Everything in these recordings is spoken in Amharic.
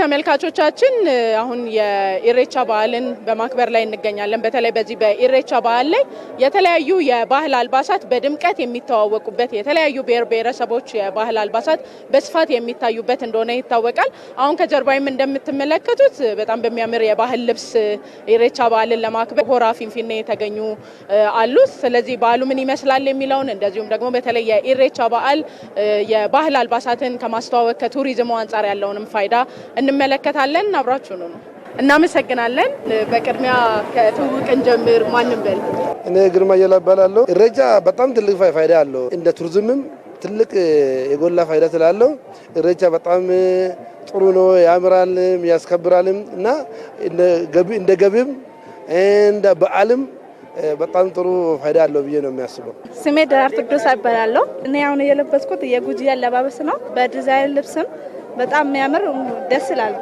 ተመልካቾቻችን አሁን የኢሬቻ በዓልን በማክበር ላይ እንገኛለን። በተለይ በዚህ በኢሬቻ በዓል ላይ የተለያዩ የባህል አልባሳት በድምቀት የሚተዋወቁበት የተለያዩ ብሔር ብሔረሰቦች የባህል አልባሳት በስፋት የሚታዩበት እንደሆነ ይታወቃል። አሁን ከጀርባይም እንደምትመለከቱት በጣም በሚያምር የባህል ልብስ ኢሬቻ በዓልን ለማክበር ሆራ ፊንፊኔ የተገኙ አሉ። ስለዚህ በዓሉ ምን ይመስላል የሚለውን እንደዚሁም ደግሞ በተለይ የኢሬቻ በዓል የባህል አልባሳትን ከማስተዋወቅ ከቱሪዝሙ አንጻር ያለውንም ፋይዳ እንመለከታለን። አብራችሁ ነው እናመሰግናለን። በቅድሚያ ከትውውቅ ጀምር ማንም በል። እኔ ግርማ እየላ እባላለሁ። እረጃ በጣም ትልቅ ፋይዳ አለው እንደ ቱሪዝምም ትልቅ የጎላ ፋይዳ ስላለው እረጃ በጣም ጥሩ ነው። ያምራልም ያስከብራልም እና እንደ ገቢም እንደ በዓልም በጣም ጥሩ ፋይዳ አለው ብዬ ነው የሚያስበው። ስሜ ደራርቱ ቅዱስ እባላለሁ። እኔ አሁን የለበስኩት የጉጂ አለባበስ ነው። በዲዛይን ልብስም በጣም የሚያምር ደስ ይላል።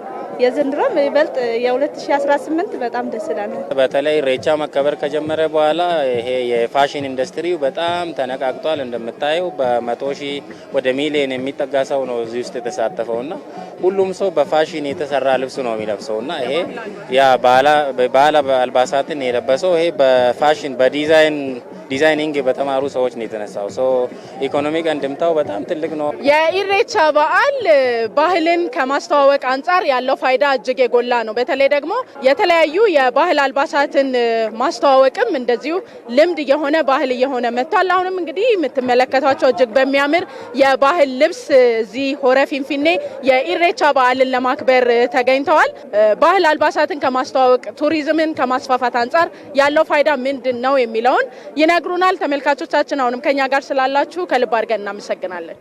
የዘንድሮም ይበልጥ የ2018 በጣም ደስ ይላል። በተለይ ሬቻ መከበር ከጀመረ በኋላ ይሄ የፋሽን ኢንዱስትሪው በጣም ተነቃቅቷል። እንደምታየው በመቶ ሺህ ወደ ሚሊዮን የሚጠጋ ሰው ነው እዚህ ውስጥ የተሳተፈው ና ሁሉም ሰው በፋሽን የተሰራ ልብስ ነው የሚለብሰው እና ይሄ ያ ባህላ አልባሳትን የለበሰው ይሄ በፋሽን በዲዛይን ዲዛይኒንግ በተማሩ ሰዎች ነው የተነሳው። ሶ ኢኮኖሚክ እንድምታው በጣም ትልቅ ነው። የኢሬቻ በዓል ባህልን ከማስተዋወቅ አንጻር ያለው ፋይዳ እጅግ የጎላ ነው። በተለይ ደግሞ የተለያዩ የባህል አልባሳትን ማስተዋወቅም እንደዚሁ ልምድ የሆነ ባህል እየሆነ መጥቷል። አሁንም እንግዲህ የምትመለከቷቸው እጅግ በሚያምር የባህል ልብስ እዚህ ሆረ ፊንፊኔ የኢሬቻ በዓልን ለማክበር ተገኝተዋል። ባህል አልባሳትን ከማስተዋወቅ ቱሪዝምን ከማስፋፋት አንጻር ያለው ፋይዳ ምንድን ነው የሚለውን ይነግሩናል። ተመልካቾቻችን አሁንም ከኛ ጋር ስላላችሁ ከልብ አድርገን እናመሰግናለን።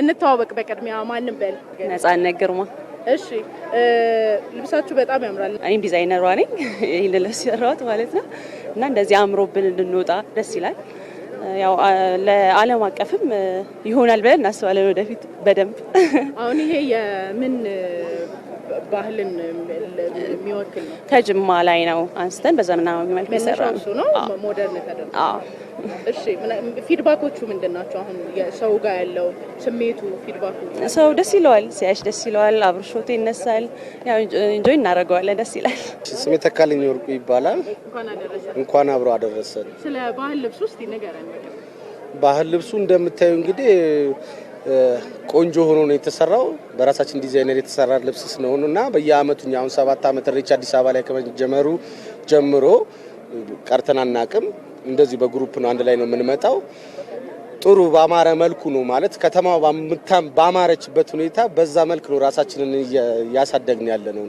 እንተዋወቅ። በቅድሚያ ማንም በል ነጻነት ግርማ። እሺ ልብሳችሁ በጣም ያምራል። እኔም ዲዛይነሯ ነኝ። ይህን ልብስ የሰራሁት ማለት ነው እና እንደዚህ አምሮብን እንድንወጣ ደስ ይላል። ያው ለዓለም አቀፍም ይሆናል ብለን እናስባለን ወደፊት በደንብ። አሁን ይሄ የምን ባህልን የሚወክል ነው። ከጅማ ላይ ነው አንስተን በዘመናዊ መልክ የሰራ ነው። ሞደርን እሺ ፊድባኮቹ ምንድን ናቸው? አሁን ሰው ጋር ያለው ስሜቱ ፊድባኩ ሰው ደስ ይለዋል፣ ሲያሽ ደስ ይለዋል፣ አብሮ ይነሳል፣ ኢንጆይ እናደርገዋለን፣ ደስ ይላል። ስሜ ተካልኝ ወርቁ ይባላል። እንኳን አብሮ አደረሰን። ስለ ባህል ልብሱ እስቲ ንገረን። ባህል ልብሱ እንደምታዩ እንግዲህ ቆንጆ ሆኖ ነው የተሰራው። በራሳችን ዲዛይነር የተሰራ ልብስ ስለሆኑ እና በየአመቱ አሁን ሰባት አመት ኢሬቻ አዲስ አበባ ላይ ከመጀመሩ ጀምሮ ቀርተን አናቅም። እንደዚህ በግሩፕ ነው አንድ ላይ ነው የምንመጣው። ጥሩ ባማረ መልኩ ነው ማለት ከተማው ባማረችበት ሁኔታ በዛ መልክ ነው ራሳችንን እያሳደግን ያለ ነው።